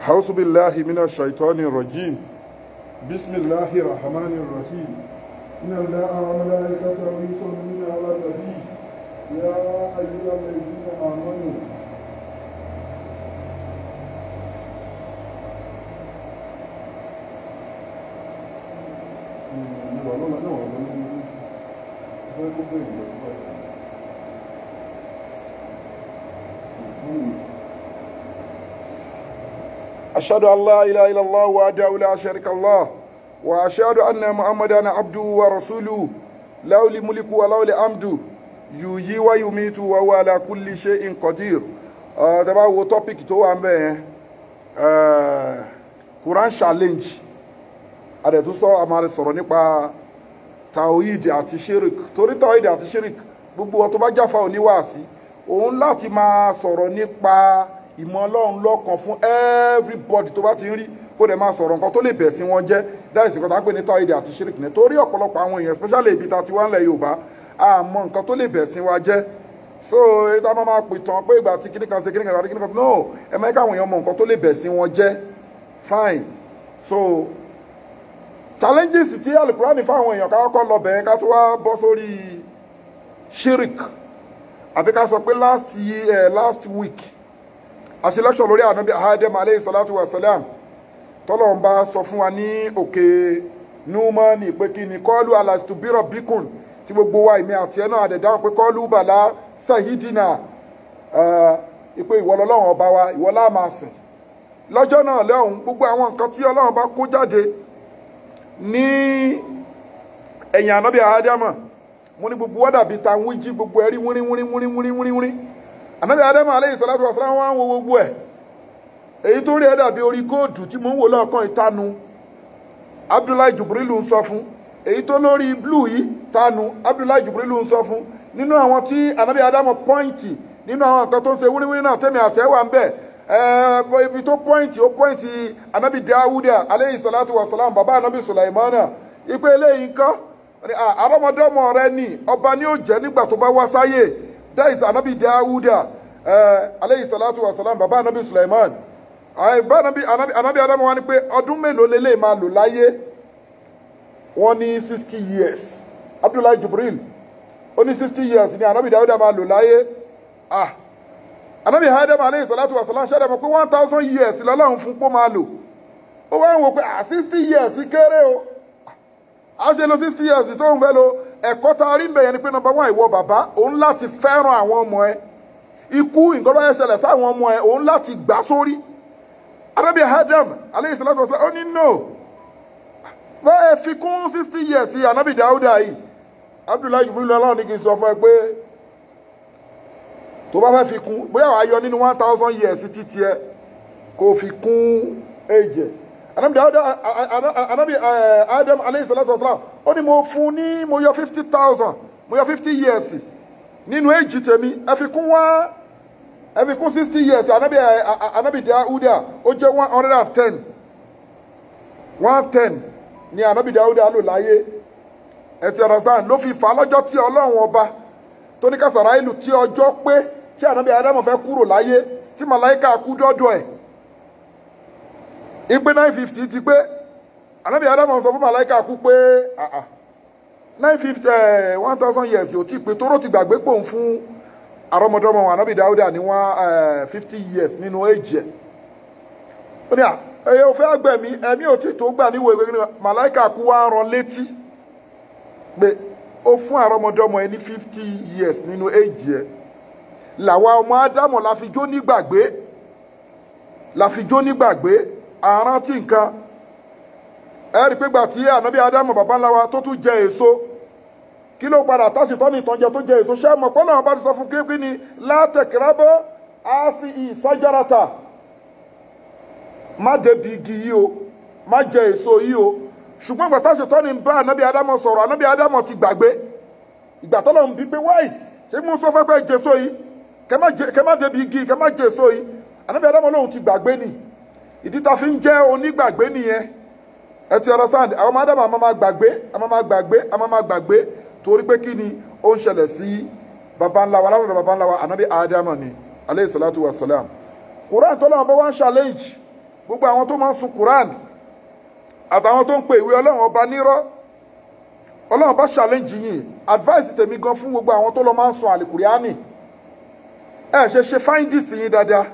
حوث بالله من الشيطان الرجيم بسم الله الرحمن الرحيم إن الله وملائكته من على النبي يا أيها الذين آمنوا Thank mm-hmm. you. أشهد أن لا إله إلا الله وحده لا شريك الله وأشهد أن محمدا عبده ورسوله له الملك وله الحمد يحيي ويميت وهو على كل شيء قدير tẹ́bá wo topic tó wà mbẹ́ yẹn Quran challenge àdẹ̀tú sọ àmàlẹ́ sọ̀rọ̀ nípa taoid àti shirik torí taoid àti shirik gbogbo wọn tó bá jáfa òní wáàsí òun láti máa sọ̀rọ̀ nípa ìmọ̀ ọlọ́run lọ́kàn fún everybody tó bá ti ń rí kó dẹ̀ máa sọ̀rọ̀ nǹkan tó lè bẹ̀ sí wọn jẹ́ dáì sí nǹkan tá à ń pè ní tàwídì àti ṣírìkì ní torí ọ̀pọ̀lọpọ̀ àwọn èèyàn especially ibi tá a ti wá ńlẹ̀ Yorùbá àmọ́ nǹkan tó lè bẹ̀ sí wa jẹ́ so ìta máa máa pè tán pé ìgbà tí kíní kan ṣe kíní kan ṣe kíní kan no ẹ máa ń káwọn èèyàn mọ nǹkan tó lè bẹ̀ sí wọn jẹ́ fine so challenges tí alukurani fáwọn èèyàn ká kọ́ lọ bẹ̀ẹ́ ká tó wá bọ́ sórí ṣírìkì àbí ká sọ pé last year eh, last week àṣelẹ́ṣọ̀ lórí ànábì adam aleyhi salatu wa salam tọ́lọ̀ ń bá sọ fún wa ní òkè numani pé kí ni kọ́lù alastubirọ̀ bíkùn tí gbogbo wa ìmí àti ẹ̀ náà àdẹ̀dáhùn pé kọ́lù bala, sahidina ìpè ìwọ lọ́lọ́run ọba wa ìwọ la máa sìn lọ́jọ́ náà lẹ́hùn gbogbo àwọn nǹkan tí ọlọ́run bá kó jáde ní ẹ̀yìn ànábì adam mo ní gbogbo wọ́dà bíi ta wíjí gbogbo ẹ̀rí wírín wírín wírín wírín wírín wírín anabi adamu alayi salatu wa salam wá ń wo gbogbo ẹ̀ èyí tó rí ẹ dàbí orí góòdù tí mò ń wò lọ́ọ̀kan ìtanu abdullahi jubrilu ń sọ fún èyí tó lórí blue yìí tanu abdullahi jubrilu ń sọ fún nínú àwọn tí anabi adamu pọ́ìntì nínú àwọn nǹkan tó ń ṣe wíríwírí náà tẹ́mi àtẹ́wà ń bẹ̀ ẹ̀ẹ́ ibi tó pọ́ìntì ó pọ́ìntì anabi dawuda alayi salatu wa salam baba anabi sulaimana ipe eléyìí nǹkan àrọ́mọdọ́mọ rẹ ni ọba ni ó jẹ́ nígbà tó bá wá sáyé that is anabi dawuda Eh, aleyhi salatu wa salam baba anabi suleiman bàbá anabi anabi adamu wá ni pe ọdún mélòó lélẹ̀ ma lò láyé wọn ní sixty years abdullahi jubril ó ní sixty years ni anabi dawuda ma lò ah anabi adam aleyhi salatu wa salam ṣẹlẹ̀ mọ̀ pé one years lọ́lọ́run fún pọ́ ma lò ó wá ń wò ah sixty years kéré o a ṣe lo years tó ń lo ẹ̀kọ́ tá a rí ni pé number one ìwọ bàbá ikú nǹkan bá yẹ ṣẹlẹ̀ sáwọn ọmọ ẹ òun láti gbà sórí arábí adam aleyhi salatu wasalam ó ní no bẹ́ẹ̀ fi kún sixty years sí anabi dauda yìí abdullahi jubilu ọlọ́run ní kí n sọ fún ẹ pé tó bá fẹ́ fi kún bóyá wàá yọ nínú one thousand years títí ẹ kó fi kún èjẹ anabi dauda anabi adam aleyhi salatu wasalam ó ní mo fún ní mo yọ fifty thousand mo yọ fifty years nínú èjì tèmi ẹ fi kún wá ẹbi kún sixty years anabi anabi Dawuda ó jẹ́ one hundred and ten one ten ni anabi Dawuda lò láyé ẹ ti understand ló fi fà á lọ́jọ́ tí ọlọ́run ọba tó ní ká Sàráìlù tí ọjọ́ pé tí anabi Adamu fẹ́ kúrò láyé tí màláìka kú dọ́dọ̀ ẹ̀ ìpè nine fifty ti pé anabi Adamu sọ fún màláìka kú pé nine fifty one thousand years yóò ti pé toró ti gbàgbé pòun fún àrọ́mọdọ́mọ wa anábì dáúdà ní wọn eh, fifty years nínú èjì ẹ̀ ó ní à ẹ̀yẹ òfẹ́ àgbẹ̀mí ẹ̀mí ò tí tó gbà níwò ìwé ní màláìkà kú wá rán létí pé fifty years nínú èjì ẹ̀ ọmọ ádámọ̀ la fi jó nígbàgbé la fi jó nígbàgbé àrántí nǹkan ẹ̀rí pé gbà tí ànábì ádámọ̀ bàbá wa tó tún jẹ èso. kí ló padà tásìtọ́ ní ìtànjẹ tó jẹ èso ṣé mọ̀ pọ́nà àwọn bá ti sọ fún kí ni látẹ̀kìrábọ́ á sì ìsájárata má débi igi yìí o má jẹ èso yìí o ṣùgbọ́n ìgbà tásìtọ́ ní bá ànábì ádámọ̀ sọ̀rọ̀ ànábì ádámọ̀ ti gbàgbé ìgbà tọ́lọ̀ ń bí pé wáì ṣé mú sọ fẹ́fẹ́ jèso yìí kẹ má débi igi kẹ má yìí ni ìdí fi ń jẹ́ onígbàgbé nìyẹn ẹ ti àwọn ọmọ ádámọ̀ àmọ́ máa gbàgbé àmọ́ máa gbàgbé àmọ́ máa torí pé kí ni ó ń ṣẹlẹ̀ sí baba ńlá wa alábọ̀dọ̀ baba ńlá wa anabi adama ni aleyhi salatu wa salam quran tó lọ́wọ́ bá wá ń ṣàlẹ́yìí gbogbo àwọn tó máa ń sun quran àtàwọn tó ń pe ìwé ọlọ́run ọba nírọ́ ọlọ́run bá ṣàlẹ́yìí yìí advice tèmi gan fún gbogbo àwọn tó lọ máa ń sun àlìkùránì ẹ ṣe ṣe findings yín dáadáa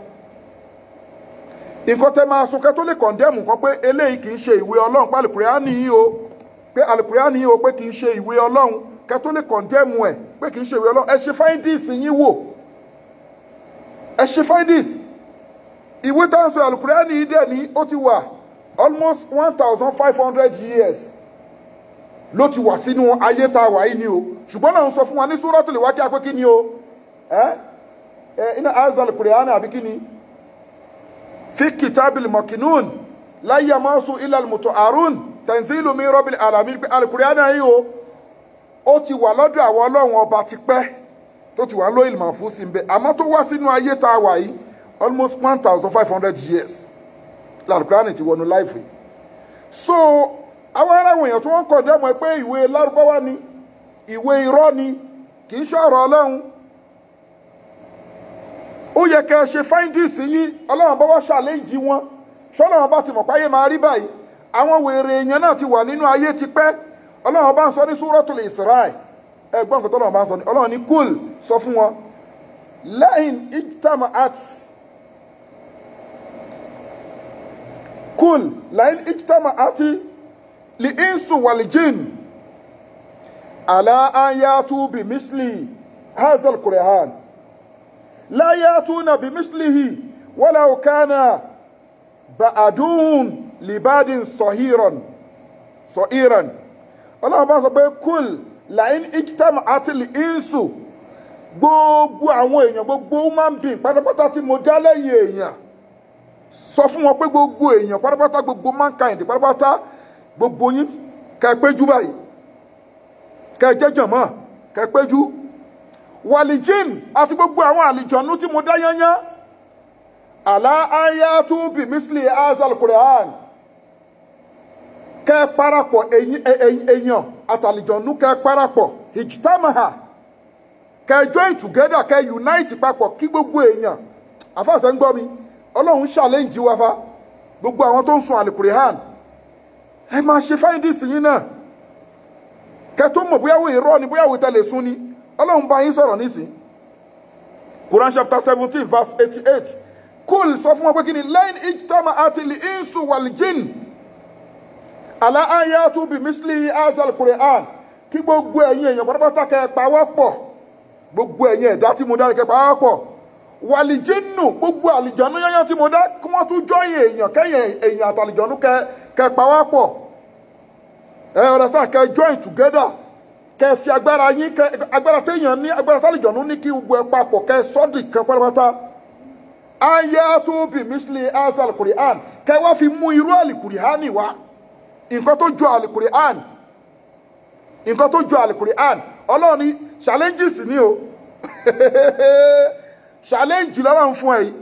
nǹkan tẹ máa sun kẹ́tó lè condemn nǹkan pé eléyìí kì í ṣe ìwé ọlọ́run pé àlìkùránì yìí o pé àlìkùránì yìí o pé kì í ṣe ìwé ọlọ́run kẹ́ tó lè kọ̀ndẹ́mù ẹ̀ pé kì í ṣe ìwé ọlọ́run ẹ ṣe findings yín wò ẹ ṣe findings ìwé tá à ń sọ yìí dẹ̀ ní ó ti wà almost one thousand five hundred years ló ti wà sínú ayé tá a wà yìí ni o ṣùgbọ́n náà ń sọ fún wa ní Suratul Waqi'a pé kí ni o ẹ ẹ iná azal kùránì àbí kí ni fi kitabil makinun la yamasu illa al-mutahharun tanzilu min rabbil alamin pé àlùkùránì o ó ti wà lọ́dọ̀ àwọn ọlọ́run ọba tipẹ́ tó ti wà ló ìlmọ̀ fún sí bẹ́ẹ̀ àmọ́ tó wá sínú ayé tá a wà yìí almost one thousand five hundred years làlùkùránì ti wọnú láìfù yìí so àwọn aráwọ̀ èèyàn tí wọ́n kọ̀ dẹ́mọ̀ pé ìwé lárúbáwá ni ìwé irọ́ ni kì í ṣọ̀rọ̀ ọlọ́run ó yẹ kẹ́ ẹ ṣe findings yìí ọlọ́run bá wá ṣàlẹ́jì wọn ṣọ́nà wọn bá ti mọ̀ páyé máa rí báyìí àwọn wèrè èèyàn náà ti wà nínú ayé tipẹ́ ọlọ́run bá ń sọ ní súrọ́tù lè Isra ẹgbọ́n nǹkan tọ́lọ́run bá ń sọ ní ọlọ́run ní kúl sọ fún wọn lẹ́yìn ijtama at kúl lẹ́yìn ijtama àti lè insu wàlìjìn àlá ayatu bí misli hazal kùrẹ̀hán láyàtú na bí mislihi wọ́lá kana ba'adun libadin sọ̀híràn sọ̀híràn. So ọlọ́run bá sọ pé kúl làyín ìkítàmù àti ìsù gbogbo àwọn èèyàn gbogbo human being pátápátá tí mo dá lẹ́yìn èèyàn sọ fún wọn pé gbogbo èèyàn pátápátá gbogbo mankind pátápátá gbogbo yín kẹ péjú báyìí kẹ jẹjọ mọ kẹ péjú wàlìjìn àti gbogbo àwọn àlìjọ̀nú tí mo dá yányán àlá ayé tún bí mísìlì azal Qur'an kẹ́ parapọ̀ èèyàn àtàlìjọ̀nú kẹ́ parapọ̀ ìjìtámàhà kẹ́ join together kẹ́ unite papọ̀ kí gbogbo èèyàn àfàṣẹ ń gbọ́ mi ọlọ́run ṣàlẹ́ǹjì wa fa gbogbo àwọn tó ń sun àlùkùrẹ́hàn ẹ máa ṣe fáyídìsì yín náà kẹ́ tó mọ̀ bóyá wòye rọ́ọ̀ ni bóyá wòye tẹ̀lé sún ni ọlọ́run bá yín sọ̀rọ̀ nísìn Quran chapter seventeen verse eighty eight kúl sọ fún wọn pé kí ni lẹ́yìn ìjìtámà àti ìlú ìnsù wàlìjìn àlá ayé àtúbì mísílì azal quran kí gbogbo ẹ̀yin èèyàn pátápátá kẹ́ pawọ́pọ̀ gbogbo ẹ̀yin ẹ̀dá tí mo dá kẹ́ pawọ́pọ̀ wàlìjínù gbogbo àlìjọ́nú yányán tí mo dá kí wọ́n tún jọyìn èèyàn kẹ́yìn èèyàn àtàlìjọ́nú kẹ́ kẹ́ ẹ ọ̀rẹ́ sáà kẹ́ join together kẹ́ fi agbára yín kẹ́ agbára téèyàn ní agbára tàlìjọ́nú ní kí gbogbo ẹ papọ̀ kẹ́ sọ́dì kẹ́ pátápátá ayé àtúbì mísílì azal quran kẹ́ wá fi mú irú àlìkùrìhánì wá nǹkan tó ju alukur'an nǹkan tó ju alukur'an ọlọ́run ní challenges ni o challenge lọ́rọ̀ fún ẹ yìí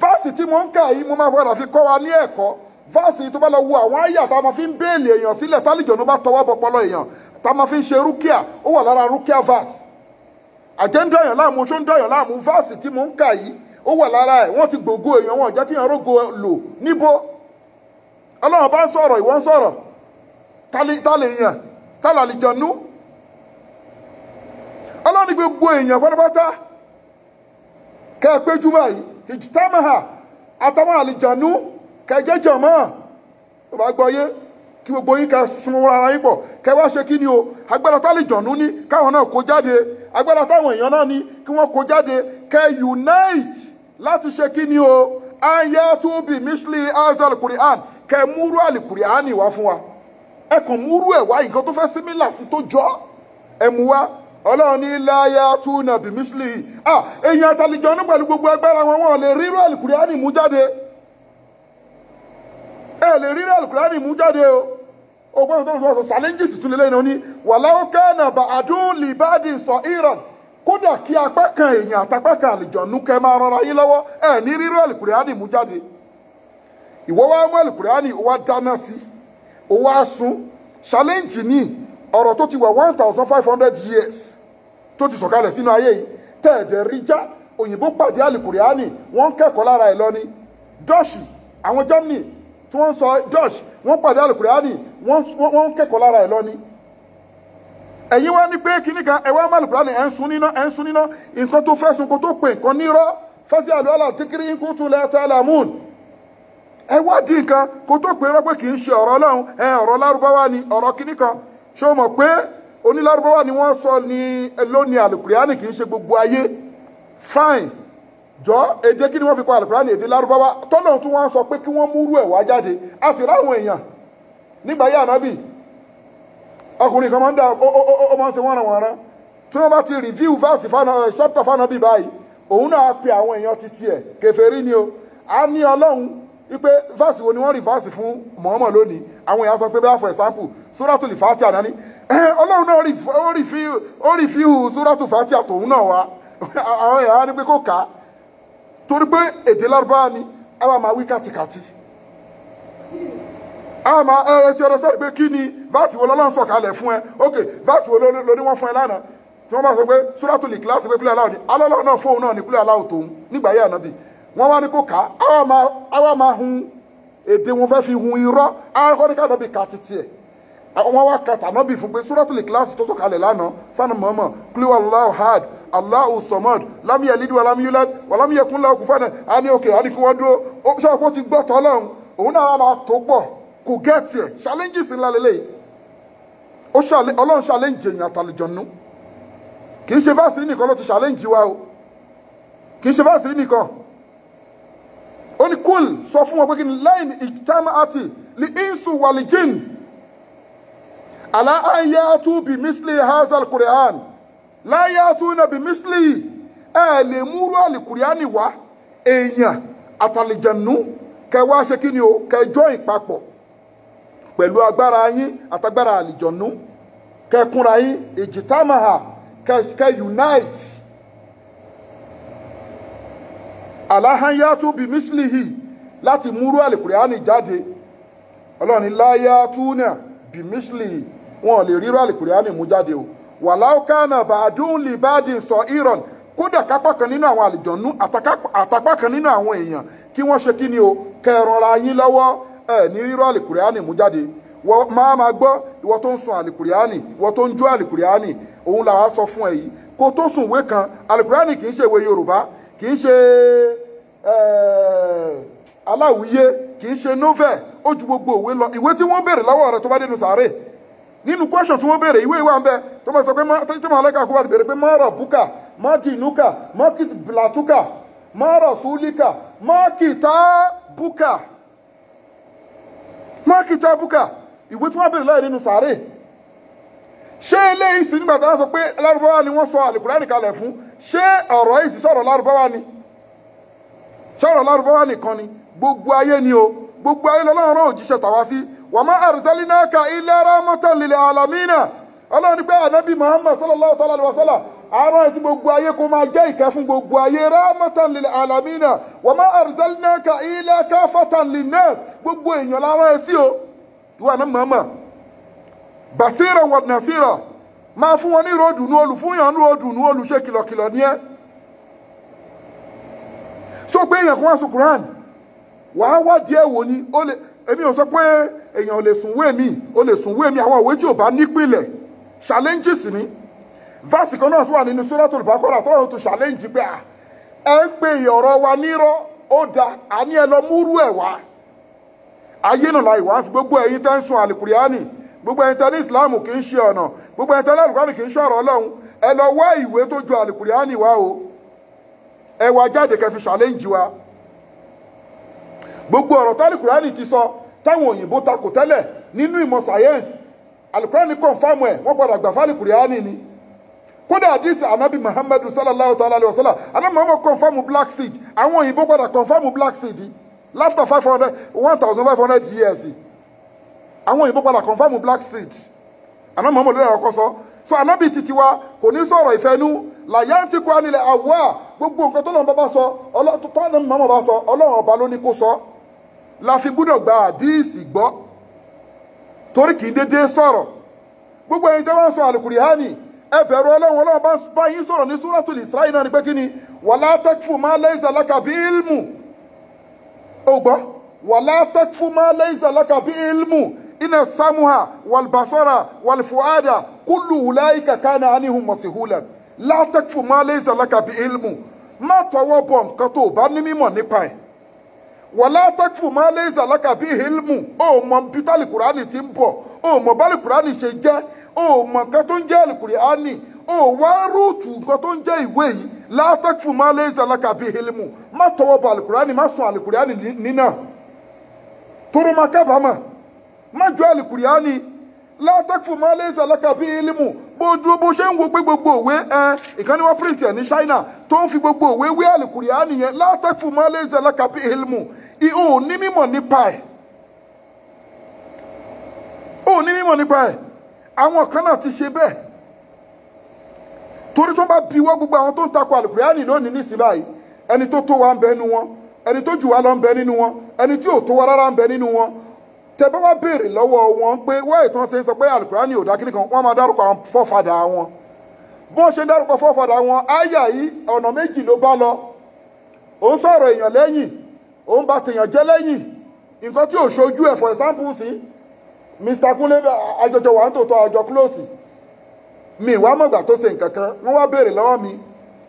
vaasi tí mo ń kà yìí mo máa padà fi kọ́ wa ní ẹ̀kọ́ vaasi tó bá lọ wo àwọn àyà tá a máa fi ń béèlì èèyàn sílẹ̀ tálíjọ̀nù bá tọwọ́ bọpọlọ èèyàn tá a máa fi ń ṣe rúkìá ó wà lára rúkìá vaasi àjẹ́ńdọ̀ èèyàn láàmú oṣó ń dọ̀ èèyàn láàmú vaasi tí mo ń kà yìí ó wà lára ẹ̀ wọ́n ti gbògo èèyàn wọn jẹ́ kí èèyàn rógo lò níbo ọlọ́run bá ń sọ̀rọ̀ ìwọ ń sọ̀rọ̀ tálẹ̀ èèyàn tálẹ̀ àlìjọ̀nú ọlọ́run ní gbogbo èèyàn pátápátá kẹ́ ẹ péjú báyìí ìjìtámàhà àtàwọn àlìjọ̀nú kẹjẹ́ jọ̀mọ́ tó bá gbọ́ yé kí gbogbo yín ká sun ara yín pọ̀ kẹ́ wá ṣe kí ni o agbára tálìjọ̀nú ní káwọn náà kó jáde agbára táwọn èèyàn náà ní kí wọ́n kó jáde kẹ́ unite láti ṣe kí ni o ayé tó bí azal kẹ múrú àlìkùrì àánì wá fún wa ẹ kàn múrú ẹ wá nǹkan tó fẹ́ símílà fún tó jọ ẹ mú wá ọlọ́run ní láyà túnà bìmísìlì à èèyàn àtàlìjọ ní pẹ̀lú gbogbo agbára wọn wọn lè rírú àlìkùrì àánì mú jáde ẹ lè rírú àlìkùrì àánì mú jáde o ọgbọ́n tó ń sọ challenges tún lélẹ́yìn náà ní wàláwó kẹ́nà bàdún lìbàdì sọ ìràn kódà kí apá kan èèyàn àtàpá kan àlìjọ nù kẹ́ máa rọra yín lọ́wọ́ ẹ ní rírú àlìkùrì àánì mú jáde ìwọ wá mú alukurani ó dáná sí ó wá sun challenge ní ọ̀rọ̀ tó ti wà one thousand five hundred years tó ti sọ̀kalẹ̀ sínú ayé yìí tẹ̀ẹ̀dẹ̀ rí já òyìnbó pàdé alukurani wọ́n kẹ́kọ̀ọ́ lára ẹ̀ lọ ní dọ́ọ̀ṣì àwọn germany tí wọ́n sọ dọ́ọ̀ṣì wọ́n pàdé alukurani wọ́n kẹ́kọ̀ọ́ lára ẹ̀ lọ ní ẹ̀yin wá ní pé kíní kan ẹ̀wá málùkúránì ẹ̀ ń sun níná ẹ̀ ń sun níná nǹkan tó fẹ́ kó tó pè nǹkan nírọ́ fásitì àlùhálà tíkírí ń kú tún lẹ́tà ẹ wádìí nǹkan kó tó pé rọ́pẹ́ kì í ṣe ọ̀rọ̀ ọlọ́run ẹ ọ̀rọ̀ lárúbáwá ni ọ̀rọ̀ kínní kan ṣé o mọ̀ pé onílárúbáwá ni wọ́n sọ ní lónìí àlùkùránì kì í ṣe gbogbo ayé fine jọ èdè kí ni wọ́n fi kọ àlùkùránì èdè lárúbáwá tọ́lọ́run tí wọ́n sọ pé kí wọ́n múrú ẹ̀ wá jáde a sì ráwọn èèyàn nígbà yá ànábì ọkùnrin kan máa ń dà ó máa ń ṣe wọ́n ràn wọ́n rán tí wọ́n bá ti review verse fana chapter fana bíi báyìí òun náà pe àwọn èèyàn titi ẹ̀ kèfèrí ni o a ní ọlọ́run wípé fásì wo ni wọ́n rí fásì fún mọ̀ọ́mọ̀ lónìí àwọn èèyàn sọ pé bẹ́ẹ̀ for example sóràtù fàtíà náà ni ọlọ́run náà ó rí fíhù sóràtù fàtíà tòun náà wá àwọn èèyàn á ní pé kó kà á torí pé èdè lárúbáwá ni a máa wí kàtìkàtì a máa ẹ ṣe ọ̀rọ̀ sọ́ọ̀rọ̀ pé kí ni fásì wo lọ́lọ́run sọ̀kalẹ̀ fún ẹ ok fásì wo ló ní wọ́n fún ẹ lánàá tí wọ́n bá sọ pé sóràtù lè kíláàsì pé kúlẹ̀ aláwọ̀ ni alọ́lọ́run náà fóun náà ní kúlẹ̀ aláwọ̀ tòun wọ́n wá ní kó kà á àwa máa hun èdè wọn fẹ́ fi hun irọ́ àwọn ní kànáà bí ka títí ẹ̀ wọ́n wá ka tànà bí fún pé suratul ikhlas tó sọ̀kalẹ̀ lánàá fáànù mọ̀ọ́mọ̀ kílíwà Allahu ahad Allahu samad lam yalid wa lam yulad wa lam yakun lahu kufuwan á ní òkè á ní kí wọ́n dúró ṣọ́ọ́ kó ti gbọ́ tọ́lọ́run òun náà máa tó pọ̀ kò gẹ́ẹ̀tì ẹ̀ challenges ńlá lélẹ́yìí ọlọ́run challenge èèyàn àtàlùjọ̀nù kì í ṣe fásitì nìkan ló ti challenge wa o kì í ṣe fásitì nìkan ó ní kúl sọ fún wọn pé kí ni lẹ́yìn ìtàmà àti lè ìnsù wà lè jìn bí mísìlì hazal kùrẹ́án láyà tú iná bí mísìlì ẹ̀ lè múrú àlè kùrẹ́án wá èèyàn àtàlìjẹ̀nú kẹ wá ṣe kí ni o kẹ jọ́ ìpapọ̀ pẹ̀lú agbára yín àtagbára àlìjọ̀nú kẹ yín ìjìtàmà kẹ unite. aláhányátú bí mísìlìhì láti múrú àlìkùránì jáde ọlọ́run ní láyátúnà bí mísìlìhì wọn lè rírọ àlìkùránì mú jáde o wàláùkánà bàdún lè bàdín sọ ìrọ̀n kódà kápá kan nínú àwọn àlìjọ̀nú àtàpá kan nínú àwọn èèyàn kí wọ́n ṣe kí ni o kẹrànra yín lọ́wọ́ ẹ̀ ní rírọ àlìkùránì mú jáde wọ́n máa ma gbọ́ ìwọ tó ń sun àlìkùránì ìwọ tó ń jó àlìkùránì òun làwọn sọ fún ẹ yìí kó tó sùn ìwé kan àlìkùránì kì í ṣe ìwé yorùbá kì í ṣe Eh, aláwíyé kì í ṣe novel ó ju gbogbo òwe lọ ìwé tí wọ́n béèrè lọ́wọ́ rẹ̀ tó bá dénú sàárè nínú question tí wọ́n béèrè ìwé ìwà ń bẹ tó máa sọ pé tí màá lẹ́ka pé mọ́rọ̀ búkà mọ́tì mọ́kì mọ́rọ̀ súlíkà mọ́kì mọ́kì ìwé tí wọ́n sọ pé ni wọ́n sọ àlùkùránì se ni sọ̀rọ̀ lárúbáwá nìkan ni gbogbo ayé ni o gbogbo ayé lọ́lọ́run rán òjíṣẹ́ tàwa sí wàmá àrùtálínáka ilẹ̀ rámọ́tàlélẹ̀ àlàmínà ọlọ́run ní pé ànábì muhammad sallallahu alayhi wa sallam àárọ̀ ẹ̀sìn gbogbo ayé kó máa jẹ́ ìkẹ́ fún gbogbo ayé rámọ́tàlélẹ̀ àlàmínà wàmá àrùtálínáka ilẹ̀ káfàtàlínẹ́s gbogbo èèyàn lára ẹ̀ sí o ìwà náà muhammad basira wàdnasira máa fún wọn ní ròdùnú olùfúnyàn ní ròdùnú olùṣe kìlọ̀kìlọ̀ ní ẹ́ so pé èèyàn kan wá sùn Quran wádìí wò ni ó lè èmi ò sọ pé èèyàn ò lè sùn wé mi lè sùn wé mi àwọn òwe tí ò bá nípìnlẹ̀ ni kan náà wà nínú tó challenge pé à ah, ẹ ń pe ọ̀rọ̀ wa nírọ́ ó da àní ẹ lọ múrú ẹ̀ wá ayé láì gbogbo ẹ̀yin tẹ́ ń sun àlùkùrìánì gbogbo ẹ̀yin tẹ́ ní kì í gbogbo ẹ̀yin tẹ́ ẹ wá jáde kẹfì ṣàlẹ́ǹjì wa gbogbo ọ̀rọ̀ tálíkùránì ti sọ táwọn òyìnbó takò tẹ́lẹ̀ nínú ìmọ̀ science alukurani kọ̀nfàmù ẹ̀ wọ́n gbọ́dọ̀ gbà fálíkùránì ni kódà àdìsí anabi muhammadu sallallahu ta'ala alayhi wa sallam anabi muhammadu kọ̀nfàmù black seed àwọn òyìnbó gbọ́dọ̀ kọ̀nfàmù black seed after five hundred one thousand five hundred years àwọn òyìnbó gbọ́dọ̀ kọ̀nfàmù black seed anabi muhammadu lè rọ̀kọ́ sọ so anabi titiwa kò ní sọ̀rọ̀ ìfẹ́ nú làyáǹtì kọ́ anilẹ̀ àwa gbogbo nǹkan tọ́lọ́run bá bá sọ tọ́lọ́run mọ́mọ́ bá sọ ọlọ́run ọba ló ní kó sọ la fi gbúdọ̀ gba àdíìsì gbọ́ torí kì í dédé sọ̀rọ̀ gbogbo ẹni tẹ́ wọ́n sọ àlùkùránì ẹ bẹ̀rù ọlọ́run ọlọ́run bá bá yín sọ̀rọ̀ ní súrọ́tùlì Isra'il náà ni pé kí ni wàlá tẹ́kfù máa lẹ́yìn sàlákà bí ilmù ògbọ́ wàlá tẹ́kfù máa lẹ́yìn sàlákà bí ilmù iná samuha wàlbàṣọ́ra wàlfùádà kúlù wùláyìí kàkánà ánìhùn mọ̀síhùlẹ̀ látẹ́kùfù máa lé ìsàlákàbí ilmu má tọwọ́ bọ̀ nǹkan tó o bá ní mímọ̀ nípa ẹ̀ wọ́n látẹ́kùfù máa lé ìsàlákàbí ilmu ó mọ bítálì kùránì ti ń bọ̀ ó mọ bálì kùránì ṣe jẹ́ ó mọ nǹkan tó ń jẹ́ àlùkùránì ó wá rúùtù nǹkan tó ń jẹ́ ìwé yìí látẹ́kùfù máa lé ìsàlákàbí ilmu má tọwọ́ bọ̀ àlùkùránì má sùn àlùkùránì nínà tóró má kábàámọ̀ má jọ àlùkùránì látẹ́kùfù máa lé ìsàlákàbí ilmu bó dúró bó ṣe ń wo pé gbogbo òwe ẹ ìkànnì wọn print ẹ ní China tó ń fi gbogbo òwe wé àlùkùrìá nìyẹn látẹ̀fù mọ́lẹ́sẹ̀ lọ́kàbí ilmu ìhò ní mímọ̀ nípa ẹ̀ ò ní mímọ̀ nípa ẹ̀ àwọn kan náà ti ṣe bẹ́ẹ̀ torí tó bá biwọ́ gbogbo àwọn tó ń takò àlùkùrìá nì lónìí nísìnyí báyìí ẹni tó tó wa ń bẹ nínú wọn ẹni tó jù wá lọ ń bẹ nínú wọn ẹni tí ò tó wa rárá ń bẹ nínú wọn tẹ bá wá béèrè lọ́wọ́ wọn pé wáyé tí wọ́n ṣe ń sọ pé alukurani ò dá kíní kan wọ́n máa dárúkọ àwọn fọ́fadà wọn bí wọ́n ṣe ń dárúkọ fọ́fadà wọn àyà yìí ọ̀nà méjì ló bá lọ ó ń sọ̀rọ̀ èèyàn lẹ́yìn ó ń ba tèèyàn jẹ́ lẹ́yìn nǹkan tí ò ṣojú ẹ̀ for example sí Mr Kunle àjọjọ wà ń tòótọ́ àjọ close mi ìwà mọ̀gbà tó ṣe nǹkan kan wọ́n wá béèrè lọ́wọ́ mi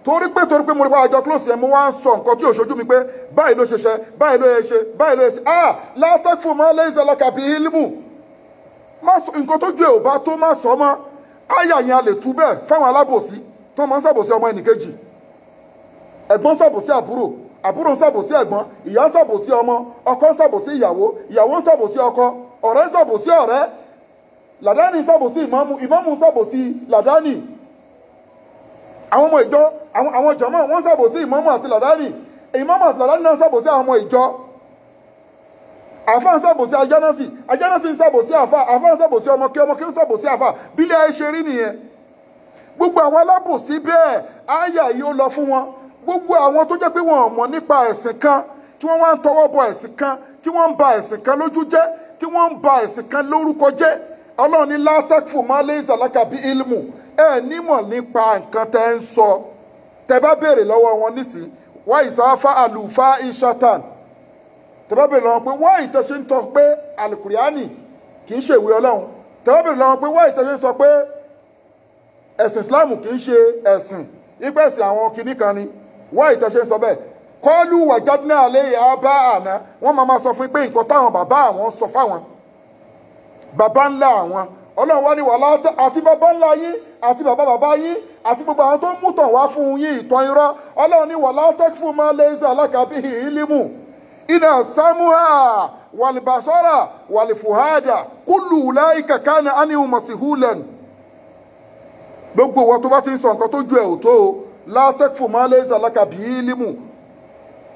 torí pé torí pé mo rí pa àjọ close yẹn mo wá ń sọ nǹkan tí ò ṣojú mi pé báyìí ló ṣe ṣe báyìí ló yẹ ṣe báyìí ló yẹ ṣe ah látàkùn mọ́ lẹ́yìn sẹ́lẹ̀kà bíi ilmu nǹkan tó ju èèbá tó má sọ mọ́ àyà yẹn a lè tú bẹ́ẹ̀ fáwọn alábòsí tó máa ń ṣàbòsí ọmọ ẹnìkejì ẹ̀gbọ́n ṣàbòsí àbúrò àbúrò ṣàbòsí ẹ̀gbọ́n ìyá ṣàbòsí ọmọ ọkọ ṣàbòsí ìyàwó ìyàwó ṣàbòsí ọkọ ọ̀rẹ́ ṣàbòsí ọ̀rẹ́ làdáni ṣàbòsí ìmáàmù ìmáàmù ṣàbòsí làdáni àwọn ọmọ ìjọ àwọn jọmọ wọn ṣàbòsí ìmọ̀mọ̀ àti làdáni ìmọ̀mọ̀ àti làdáni náà ṣàbòsí àwọn ọmọ ìjọ àfa ń ṣàbòsí ajánásì ajánásì ń ṣàbòsí àfa àfa ń ṣàbòsí ọmọ kí ọmọ kí ń ṣàbòsí àfa bílẹ̀ ayé ṣe rí nìyẹn gbogbo àwọn alábòsí bẹ́ẹ̀ àyà yìí ó lọ fún wọn gbogbo àwọn tó jẹ́ pé wọn ò mọ̀ nípa ẹ̀sìn kan tí wọ́n wá ń tọwọ́ bọ ẹ̀sìn kan tí wọ́n ń ba ẹ̀sìn kan lójú jẹ́ tí wọ́n ń ba ẹ̀sìn kan lórúkọ jẹ́ ọlọ́run ní látàkùn má lé ìsàlákà bí ilmu ẹ nímọ̀ nípa nǹkan tẹ́ ń sọ tẹ́ bá béèrè lọ́wọ́ wọn nísìnyí wá ìsáfá àlùfá ìṣàtàn tẹ́ bá béèrè lọ́wọ́ pé wá ìtẹ̀sí ń tọ́ pé àlùkùránì kì í ṣèwé ọlọ́run tẹ́ bá béèrè lọ́wọ́ pé wá ìtẹ̀sí ń sọ pé ẹ̀sìn islam kì í ṣe ẹ̀sìn ìgbẹ́sìn àwọn kinní kan ni wá ìtẹ̀sí ń sọ bẹ́ẹ̀ kọ́lù wàjádínà alẹ́ ìyá bá àná wọ́n máa ma sọ fún pé nǹkan táwọn bàbá àwọn sọ fáwọn bàbá ńlá àwọn ọlọ́run wá ní wàhálà àti bàbá ńlá yín àti bàbá bàbá yín àti gbogbo àwọn tó ń mú tàn wá fún yín ìtàn irọ́ ọlọ́run ní wàhálà tẹ́kí fún máa lé ṣe alákàbí ìlímù iná samuha wàlìbàṣọ́ra wàlìfùhádà kúlù láì kàkà ní ánìhùn mọ̀síhùlẹ̀n gbogbo wọn tó bá ti ń sọ nǹkan tó ju ẹ̀ o látẹ́kí fún máa lé alákàbí ìlímù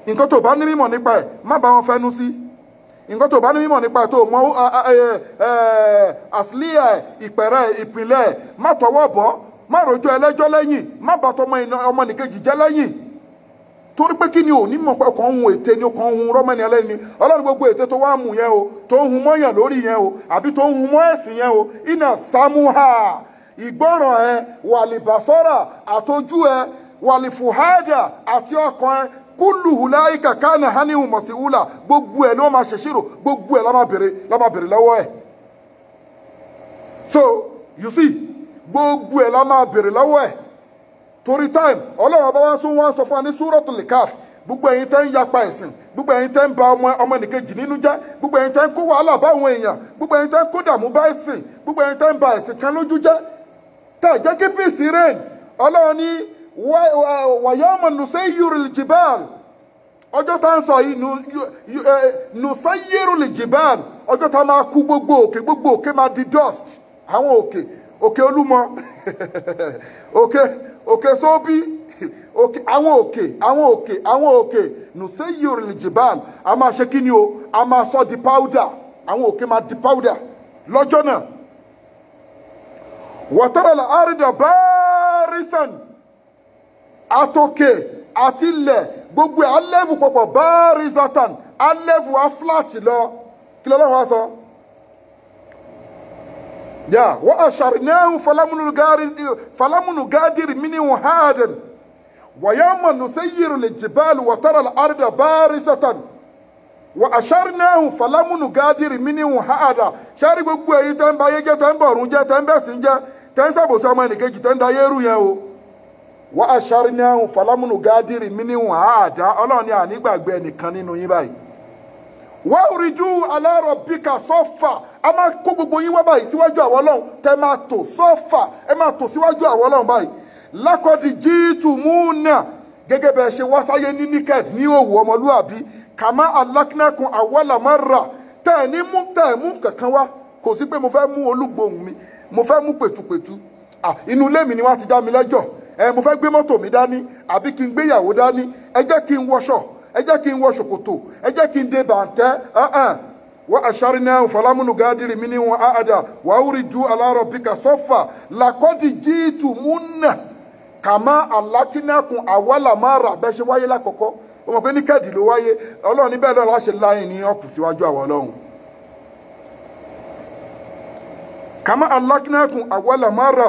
nǹkan tó bá ní mímọ̀ nípa ẹ̀ má bá wọn fẹnu sí. Si nǹkan tó bá ní mímọ̀ nípa tó mọ àsìlíyà ìpẹ̀rẹ̀ ìpìlẹ̀ má tọwọ́ bọ̀ má rojọ́ ẹlẹ́jọ́ lẹ́yìn má bàtọ́ ọmọnìkejì jẹ́ lẹ́yìn torí pé kí ni ò ní mọ̀ pé ọkàn ohun ète ni ọkàn ohun rọ́mọ́ni ẹlẹ́ni ọlọ́run gbogbo ète tó wá mú yẹn o tó ń hun mọ́yàn lórí yẹn o àbí tó ń hun mọ́ ẹ̀sìn yẹn o iná samuha ìgbọ́ràn ẹ wàlìbàsọ́rà àtọjú ẹ wàlìfùhádà àti ọkàn ẹ kúlù hùláìkà kánà hánìhùn mọ̀síwúlà gbogbo ẹ̀ ló máa ṣèṣirò gbogbo ẹ̀ lọ́mọ bèrè lọ́wọ́ ẹ̀ so you see gbogbo ẹ̀ lọ́mọ bèrè lọ́wọ́ ẹ̀ torí time ọlọ́run bá wá tún wá sọ fún wa ní súrọ̀tù lìkáf gbogbo ẹ̀yin tẹ́ ń yapa ẹ̀sìn gbogbo ẹ̀yin tẹ́ ń ba ọmọ ọmọ nìkejì nínú jẹ́ gbogbo ẹ̀yin tẹ́ ń kó wàhálà bá àwọn èèyàn gbogbo ẹ̀yin tẹ́ ń kó dààmú bá ẹ̀sìn gbogbo ẹ̀yin tẹ́ ń ba ẹ̀sìn kan lójú jẹ́ tẹ̀ jẹ́ kí peace reign ọlọ́run ní wàyọ́mọ nùsẹ́yìrì jìbẹ́ẹ̀lì ọjọ́ tá ń sọ yìí nùsẹ́yìrì jìbẹ́ẹ̀lì ọjọ́ tá máa kú gbogbo òkè gbogbo òkè máa di dust àwọn òkè òkè olúmọ òkè òkè sóbí òkè àwọn òkè àwọn òkè àwọn òkè nùsẹ́yìrì jìbẹ́ẹ̀lì a máa ṣe kí ni o a máa sọ di powder àwọn òkè máa di powder lọ́jọ́ náà wọ́tẹ́rẹ̀ lọ́rẹ́dà bẹ́ẹ̀rẹ́sàn àtòkè àti ilẹ̀ gbogbo ẹ̀ alẹ́fù pọ̀pọ̀ báárí zatan alẹ́fù á fúláàtì lọ kí lọ́lọ́run wá sọ. yà wọ́n àṣàrìnẹ́hùn falamunu gádìrì mínú hàdìn wàyàmà nùsẹ́yìrì lè jìbáàlù wàtàrà àrídà báárí zatan wọ́n àṣàrìnẹ́hùn falamunu gádìrì mínú hàdà gbogbo èyí tẹ́ ń bá yé jẹ́ tẹ́ ń bọ̀rùn jẹ́ tẹ́ ń bẹ̀sìn jẹ́ tẹ́ ń sàbòsí ọmọ ẹnìkejì tẹ́ ń da yẹ́rù yẹn o wọ́n aṣáré ní ẹ̀hún falámùnú gádìrì mínìhùn àádá ọlọ́run ní ànígbàgbé ẹnìkan nínú yín báyìí. wọ́n rìjú alárọ̀ bíkà sọ́fà a máa kó gbogbo yín wá báyìí síwájú àwọn ọlọ́run tẹ́ máa tò sọ́fà ẹ máa tò síwájú àwọn ọlọ́run báyìí. lákọ̀dí jíìtù múnà gẹ́gẹ́ bẹ́ẹ̀ ṣe wá sáyé ní níkẹ́d ní òwú ọmọlúàbí kàmá alákínàkùn àwọ̀làmọ́ra tẹ̀ ní mú tẹ̀ mú kankan wá ẹ mo fẹ́ gbé mọ́tò mi dání àbí kí n gbéyàwó dání ẹ jẹ́ kí n wọṣọ ẹ jẹ́ kí n wọ ṣòkòtò ẹ jẹ́ kí n de bàǹtẹ́ ẹ̀ẹ́n wọ́n aṣárínà falamunu gádìrì mi ni wọn àádà wàhùrì ju aláàrọ̀ bíkà sọ́fà làkọ́dì jíìtù múnà kàmá àlákínákun àwàlà máa rà bẹ́ẹ̀ ṣe wáyé lákọ̀ọ́kọ́ wọ́n mọ̀ pé ní kẹ́ẹ̀dì ló wáyé ọlọ́run níbẹ̀ lọ́la ṣe láyìn ní ọkù síwájú àwọn ọlọ́run. kàmá àlákínákun àwàlà máa rà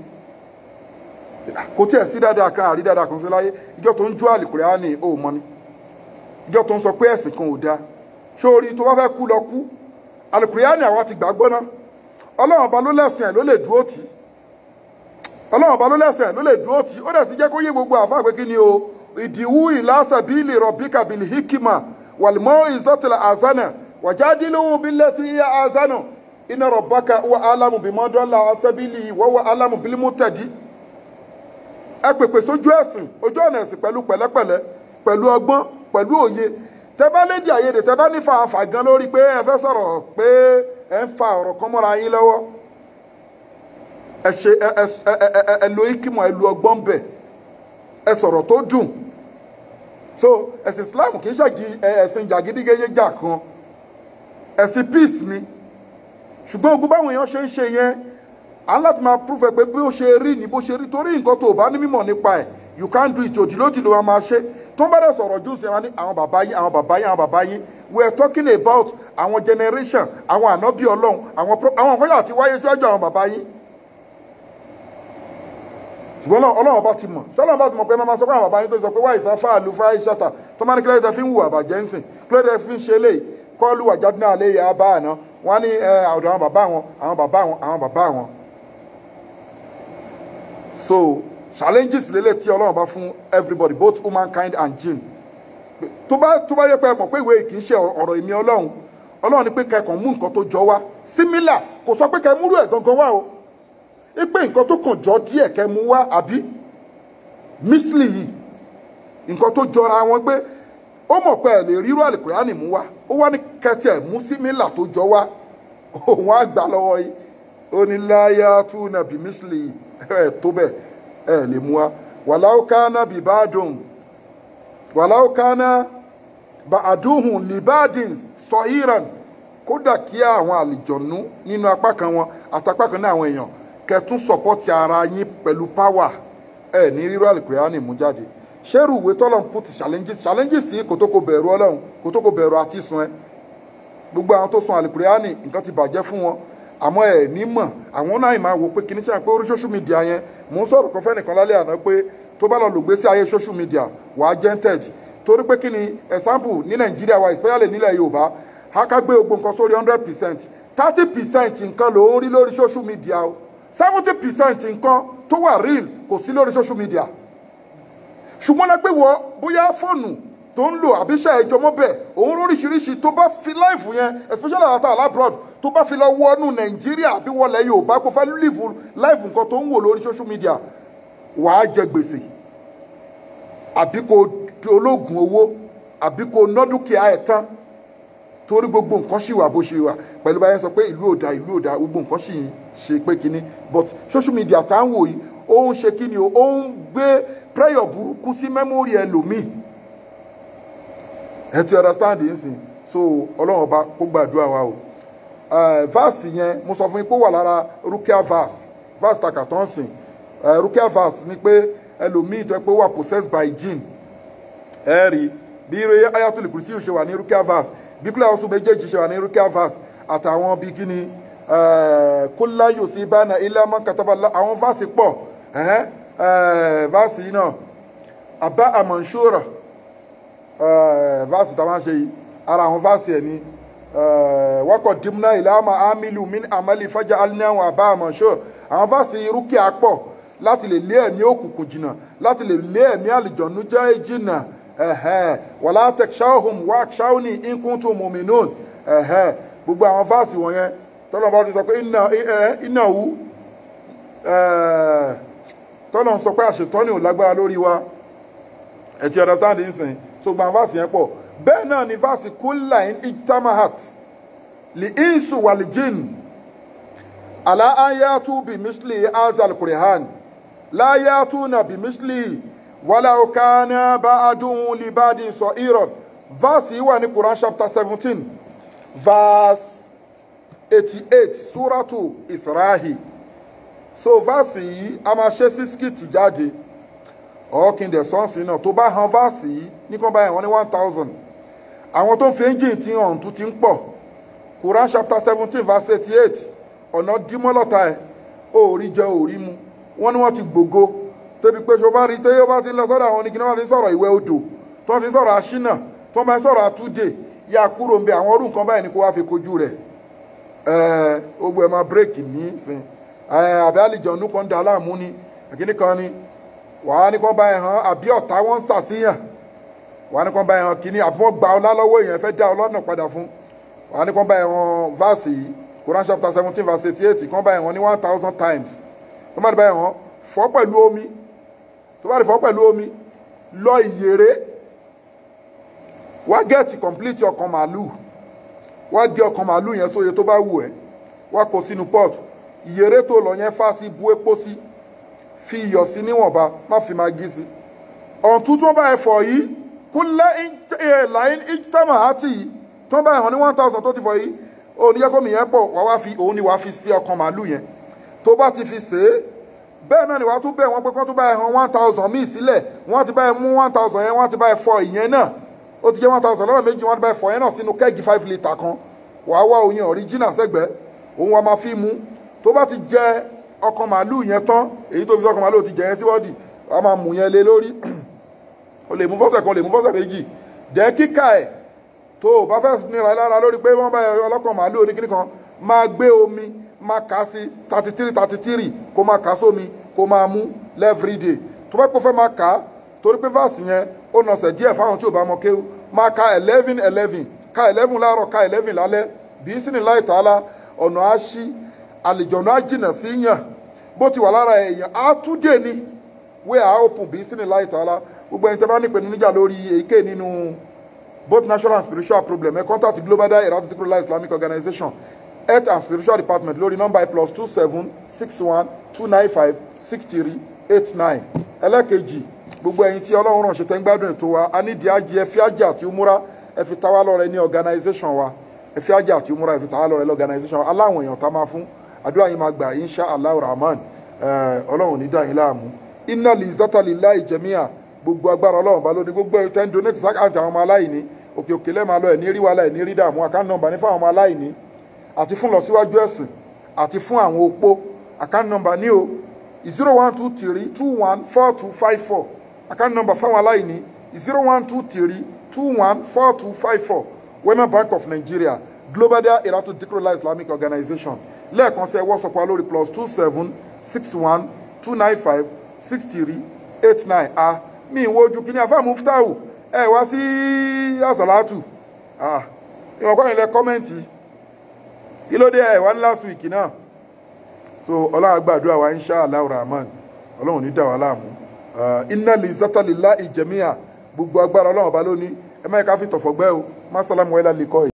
kò tí ẹ̀ sí dáadáa kan àrí dáadáa kan sí láyé ìjọ tó ń jó àlìkùránì ò mọ ni ìjọ tó ń sọ pé ẹ̀sìn kan ò dáa sórí tó bá fẹ́ kú lọ kú àlìkùránì àwa ti gbàgbọ́ náà ọlọ́run ọba ló lẹ́sìn ẹ̀ ló lè dúró tì í ọlọ́run ọba ló lẹ́sìn ẹ̀ ló lè dúró tì í ó dẹ̀ sì jẹ́ kó yé gbogbo àfa pé ni o ìdìwú ìlàsẹ̀ bíi lè rọ̀ bíkà bíi wàlímọ́ ìzọ́tìlà ẹ pèpè sójú ẹ̀sìn ojú ọ̀nà ẹ̀sìn pẹ̀lú pẹ̀lẹ́pẹ̀lẹ́ pẹ̀lú ọgbọ́n pẹ̀lú òye tẹ bá lédi àyèdè tẹ bá ní fàǹfà gan lórí pé ẹ fẹ́ sọ̀rọ̀ pé ẹ ń fa ọ̀rọ̀ kan mọ́ra yín lọ́wọ́ ẹ ṣe ẹ ẹ ẹ lo ikimọ̀ ẹ lu ọgbọ́n bẹ̀ ẹ sọ̀rọ̀ tó dùn so ẹ̀sìn Islam kì í ṣàjì ẹ̀sìn jàgídígéyé jà kan ẹ̀sìn peace ni ṣùgbọ́n ogun báwọn èèyàn ṣe ń ṣe yẹn à ń láti máa prove ẹ pé bí ó ṣe rí ni bó ṣe rí torí nǹkan tó o bá ní mímọ̀ nípa ẹ̀ you can't do it òdìlódì ló máa ṣe tó ń bá dẹ̀ sọ̀rọ̀ jù sí wọn ní àwọn bàbá yín àwọn bàbá yín àwọn bàbá yín we are talking about àwọn generation àwọn ànábì ọlọ́run àwọn àwọn nǹkan yàtí wáyé síwájú àwọn bàbá yín ṣùgbọ́n ọlọ́run bá ti mọ̀ ṣọlọ́run bá ti mọ̀ pé máa sọ pé àwọn bàbá yín tó sọ pé wáyé sáfà àlù fáyé ṣàtà tó máa ní kílódé fi ń hùwà bàjẹ́ ń sìn kílódé fi ń ṣe lè kọ́ọ̀lù àjádínà àléyà bá àná wọ́n á ní ọ̀dọ̀ àwọn bàbá wọn àwọn bàbá wọn àwọn bàbá wọn so challenges lélẹ̀ tí ọlọ́run bá fún everybody both humankind and jinn To bá to bá yẹ pé ẹ mọ̀ pé ìwé kì í ṣe ọ̀rọ̀ èmi ọlọ́run ọlọ́run ni pé kẹkàn mú nǹkan tó jọ wá similar kò sọ pé kẹ múrú ẹ̀ gangan wá o ẹ pé nǹkan tó kàn jọ díẹ̀ kẹ mú wá àbí mísìlì yìí nǹkan tó jọra wọn pé ó mọ̀ pé ẹ lè rírú àlìkùránì mú wá ó wá ní kẹtì ẹ̀ similar tó jọ wá òun á gbà yìí ó ní nàbí mísìlì yìí ẹ eh, tó bẹ ẹ lè mú wa wàláwó kánà bìbádùn wàláwó kánà bàdúhùn libadin sọhíran kódà kí àwọn àlìjọ̀nú nínú apá kan wọn àtàpá kan náà àwọn èèyàn kẹtún sọpọ́tì ara yín pẹ̀lú páwà ẹ ní rírọ àlìkùránì mú jáde ṣẹ́rù ìwé tọ́lọ́n put challenges challenges yìí kò tó kò bẹ̀rù ọlọ́run kò tó kò bẹ̀rù àti sun ẹ gbogbo àwọn tó sun àlìkùránì nǹkan ti bàjẹ́ fún wọn àmọ́ ẹ̀ ní mọ̀ àwọn náà máa wò pé kìíní pé orí social media yẹn mò ń sọ̀rọ̀ kan fẹ́nìkan lálẹ́ àná pé tó bá lọ lògbé sí ayé social media wàá gented torí pé kí example ní nàìjíríà wa especially nílẹ̀ yorùbá akágbé gbogbo nǹkan sórí hundred percent thirty percent nǹkan ló rí lórí social media o seventy percent nǹkan tó wà real kò sí lórí social media ṣùgbọ́n lápẹ́ wọ bóyá fóònù tó ń lò àbíṣẹ́ ìjọmọ́bẹ̀ òun lóríṣiríṣi tó bá fi láìfù yẹn especially àtàlà abroad tó bá fi lọ wọnú nàìjíríà bí wọlé yorùbá kó fẹ́ live life nǹkan tó ń wò lórí social media wàá jẹ gbèsè àbí kò ológun owó àbí kò ná dúkìá ẹ̀ tán torí gbogbo nǹkan ṣì wà bó ṣe wà pẹ̀lú báyẹn sọ pé ìlú òdà ìlú òdà gbogbo nǹkan ṣì ń ṣe pé kínní but social media tá à ń wò yìí ó ń ṣe kínní o ó ń gbé prayer burúkú sí mẹ́mórì ẹlòmíì ẹ ti understand yìí sìn so ọlọ́run ọba kó gbàdúrà wa o. Eh, verse yẹn mo sọ fún yín pé ó wà lára rukia verse verse takà tó ń sìn eh, rukia verse ni pé ẹlòmíì tó yẹ pé ó wà possessed by jinn ẹ rí bí ayatul kursi ṣe wà ní rukia verse bí kúlẹ̀ ọ̀sùn méjèèjì ṣe wà ní rukia verse àtàwọn bíi kí ni eh, kólá yóò sí bánà ilé ọmọ katabà àwọn verse pọ̀ verse yìí náà àbá àmọ̀nṣúrà verse táwọn ṣe yìí ara àwọn verse yẹn ni. waqaddimna dimna ilama amilu min amali faja'alnahu aba'a mansura àwọn fásitì rúkìá pọ̀ láti lè lé ẹ̀mí òkùnkùn jìnnà láti lè lé ẹ̀mí àlìjọ̀nú jẹ́ jìnnà wala takshawhum wakshawni in kuntum mu'minun gbogbo àwọn fásitì wọ̀nyẹn tọ́lọ́mọ ti sọ pé innahu eh, eh, eh, tọ́lọ́mọ sọ pé àṣetọ́ni ò lágbára lórí wa so yẹn pọ̀ bẹ́ẹ̀ náà ni fásitì kúlà in itamahat lè ìsù wà lè jìn aláàyàtú bí mísìlì azal kùrìhàn láyàtú na bí mísìlì wàlàókàánà bá adùn libadi sọ irọ fásitì wà ní Quran chapter seventeen verse eighty eight suratu israhi so vaasi yìí a máa ṣe sísíkìtì jáde ọ̀ọ́kìndẹ̀ sọ́ọ̀sì náà tó bá han vaasi yìí ní kàn báyìí wọ́n ní one thousand àwọn tó ń fi engine ti hàn tún ti ń pọ̀ Quran chapter seventeen verse eighty eight ọ̀nà dímọ́lọ́ta ẹ̀ òórí jẹ òórí mu wọ́n ní wọ́n ti gbògo débi pé tó bá rí téyé bá ti lọ sọ́dọ̀ àwọn onígi náà fi ń sọ̀rọ̀ ìwẹ́ odò tó fi ń sọ̀rọ̀ aṣínà tó máa ń sọ̀rọ̀ àtúndè yá kúrò ń bẹ àwọn ọdún kan báyìí ni kó wá fi kojú rẹ̀ ẹ̀ẹ́ ogbó ẹ̀ máa bírèkì ní sìn ẹ̀ẹ́ àbí àlìjọ̀nù kan dà láàmú ni àkíní kan ni wàá ní kó bá hàn àbí ọ̀tá wọn ń sàṣìyàn wàá ní kàn bá ẹran kínní àbúrò gba ọlá lọ́wọ́ èèyàn fẹ́ dá ọlọ́nà padà fún wàá ní kàn bá ẹran verse yìí chapter seventeen verse eighty eight kàn bá ẹran ní one thousand times tó bá ti bá ẹran fọ́ pẹ̀lú omi tó bá ti fọ́ pẹ̀lú omi lọ ìyèrè wá gẹ́ẹ̀tì complete ọkàn màálù wá gé ọkàn màálù yẹn sóye tó bá wù ẹ́ wá kó sínú pot ìyèrè tó lọ yẹn fà sí bu epo sí fi iyọ̀ sí níwọ̀nba má fi máa gí sí ọ̀n tuntun bá ẹ fọ̀ yìí kúnlẹ̀ eh, láì ìjítàmà àti tó ń bá ẹ̀hàn ní one thousand tó ti fọ yìí òun yẹ kó mi yẹn pọ̀ wá wá fi òun ni wàá fi sí ọkàn màálù yẹn tó bá ti fi ṣe é bẹ́ẹ̀ náà ni wàá tún bẹ̀ wọ́n pé kó tún bá ẹ̀hàn one thousand míì sílẹ̀ wọ́n ti bá ẹ mú one thousand yẹn wọ́n ti bá ẹ fọ ìyẹn náà ó ti jẹ́ one thousand lọ́nà méjì wọ́n ti bá ẹ fọ yẹn náà sínú kẹ́ẹ̀gì five litre kan wàá wá oyin original sẹ́gbẹ́ òun wàá máa fi mú tó bá ti jẹ ọkàn màálù yẹn tán èyí tó fi sọ ọkàn màálù ti jẹ yẹn síwọ́dì wàá máa mú yẹn lé lórí o lè mú fọ́sẹ̀ kan o lè mú fọ́sẹ̀ méjì dẹ́ kíkà ẹ̀ tó o bá fẹ́ nira lára lórí pé wọ́n bá ọlọ́kàn màálù oníkíní kan máa gbé omi máa kà á sí thirty three thirty three kó máa kà á sómi kó máa mú every day tó bá pò fẹ́ máa kà á torí pé fáàsì yẹn ó nọ̀sẹ̀ díẹ̀ fáwọn tí ò bá mọ kéwú máa ka eleven eleven ka eleven láàárọ̀ ka eleven lálẹ́ bí sínú láì tààlà ọ̀nà á ṣí àlejò ọ̀nà á jìnà sí yàn bó ti wà lára èèyàn á tún dé ni we are open bí sínú láì tààlà gbogbo ẹni tẹ́ bá nípe níjà lórí èyíkéyìí nínú both national and spiritual problem ẹ contact global dahiratu dhikrlahi islamic organization health and spiritual department lórí number plus two seven six one two nine five six three eight nine ẹlẹ́kejì gbogbo ẹ̀yin tí ọlọ́run ràn ṣètẹ́ ń gbádùn ètò wa a ní ìdí ajé ẹ fi ajé àti umura ẹ fi ta wá lọ́rẹ ní organisation wa ẹ fi ajé àti umura ẹ fi ta wá lọ́rẹ ní organisation wa aláwọn èèyàn tá máa fún àdúrà yín máa gbà insha allah rahman ọlọ́run ní dá yín láàmú iná lè zátàlì láì jẹ̀míà gbogbo agbára ọlọ́run bá lóde gbogbo ẹ̀tẹ́ ń donate sákàtì àwọn ọmọ aláìní òkè òkè lẹ́ẹ̀ máa lọ ẹ̀ní rí wàhálà ẹ̀ní rí dààmú account number ní fáwọn ọmọ aláìní àti fún lọ́síwájú ẹ̀sìn àti fún àwọn opó account ní o zero one two three two one four two five four account number fáwọn aláìní zero one two three two one four two five four Women Bank of Nigeria Global Dahiratu Dhikrlahi Islamic Organization lẹ́ẹ̀kan sí ẹwọ́ sọ̀pọ̀ alórí plus two seven six one two nine five sixty three, eight nine a mi ìwọ ojú kìíní afá muftahu ẹ wá sí asalatu ìwọ̀n kọ́ ìlẹ̀ kọ́mẹ́ǹtì kí ló dé ẹ wá ní last week náà so ọlọ́run gbàdúrà wa insha allah rahman ọlọ́run ní dà wá láàmú iná lè zátàlélá ìjẹ̀míà gbogbo agbára ọlọ́run ọba lónìí ẹ má yẹ ká fi tọ̀fọ̀ gbẹ́ o má sálámù wáyé lálẹ́ kọ́ yìí.